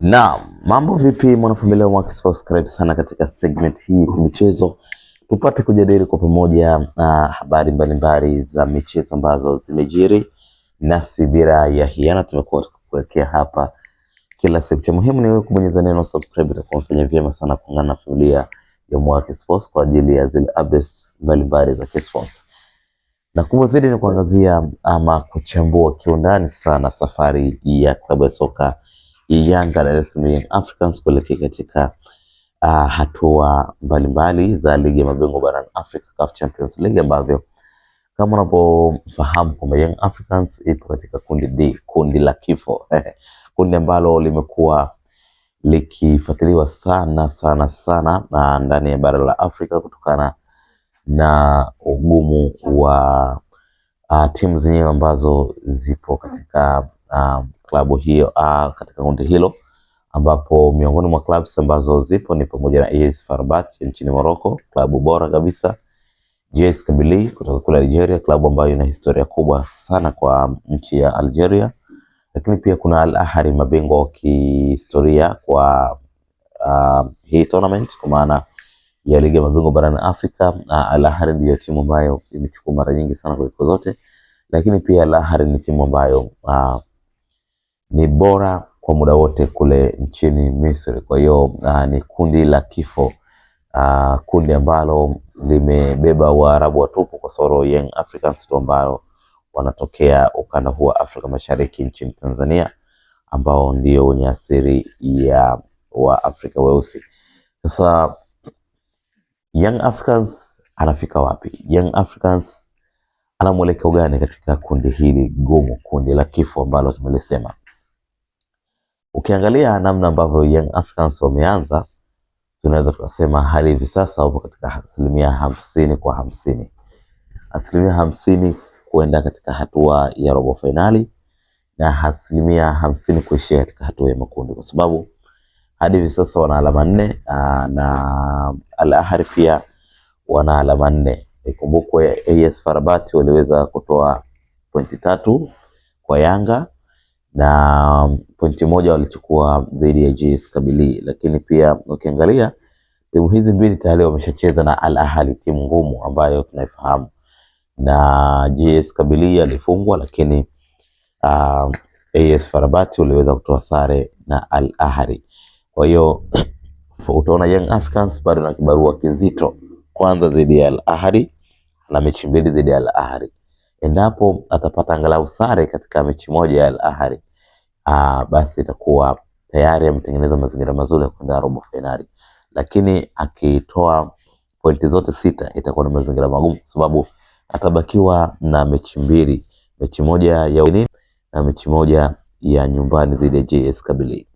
Na mambo vipi, mwanafamilia wa subscribe sana katika segment hii ya michezo, tupate kujadili kwa pamoja uh, habari mbalimbali za michezo ambazo zimejiri, nasi bila ya hiana tumekuwa tukikuwekea hapa kila siku. Cha muhimu ni wewe kubonyeza neno subscribe, itakuwa mfanya vyema sana kuungana na familia ya Mwaki Sports kwa ajili ya zile updates mbalimbali za Kisports na kubwa zaidi ni kuangazia ama kuchambua kiundani sana safari ya klabu ya soka Yanga na Young Africans kuelekea katika uh, hatua mbalimbali za ligi ya mabingwa barani Afrika CAF Champions League ambavyo kama unapofahamu kwamba Young Africans ipo katika kundi D, kundi la kifo kundi ambalo limekuwa likifuatiliwa sana sana sana na ndani ya bara la Afrika kutokana na ugumu wa uh, timu zenyewe ambazo zipo katika um, klabu hiyo uh, katika kundi hilo ambapo miongoni mwa clubs ambazo zipo ni pamoja na AS Farbat nchini Morocco, klabu bora kabisa, JS Kabylie kutoka kule Algeria, klabu ambayo ina historia kubwa sana kwa nchi ya Algeria, lakini pia kuna Al Ahly, mabingwa wa kihistoria kwa uh, hii tournament kwa maana ya ligi ya mabingwa barani Afrika. Uh, Al Ahly ndiyo timu ambayo imechukua mara nyingi sana kuliko zote, lakini pia Al Ahly ni timu ambayo uh, ni bora kwa muda wote kule nchini Misri. Kwa hiyo uh, ni kundi la kifo uh, kundi ambalo limebeba Waarabu watupu kasoro Young Africans tu ambao wanatokea ukanda huu wa Afrika Mashariki nchini Tanzania ambao ndio wenye asili ya Waafrika weusi. Sasa Young Africans anafika wapi? Young Africans ana mwelekeo gani katika kundi hili gumu, kundi la kifo ambalo tumelisema? Ukiangalia namna ambavyo Young Africans wameanza, tunaweza tukasema hadi hivi sasa wapo katika asilimia hamsini kwa hamsini, asilimia hamsini kuenda katika hatua ya robo fainali na asilimia hamsini kuishia katika hatua ya makundi, kwa sababu hadi hivi sasa wana alama nne na Al Ahly pia wana alama nne. Ikumbukwe AS Farabati waliweza kutoa pointi tatu kwa Yanga na pointi moja walichukua dhidi ya JS Kabili, lakini pia ukiangalia timu hizi mbili tayari wameshacheza na Al Ahli, timu ngumu ambayo tunaifahamu, na JS Kabili alifungwa, lakini uh, um, AS Farabati waliweza kutoa sare na Al Ahli. Kwa hiyo utaona Young Africans bado na kibarua kizito, kwanza dhidi ya Al Ahli na mechi mbili dhidi ya Al Ahli. Endapo atapata angalau sare katika mechi moja ya Al Ahly, ah, basi itakuwa tayari ametengeneza mazingira mazuri ya kwenda robo fainali, lakini akitoa pointi zote sita itakuwa na mazingira magumu, kwa sababu atabakiwa na mechi mbili, mechi moja ya ugenini na mechi moja ya nyumbani dhidi ya JS Kabylie.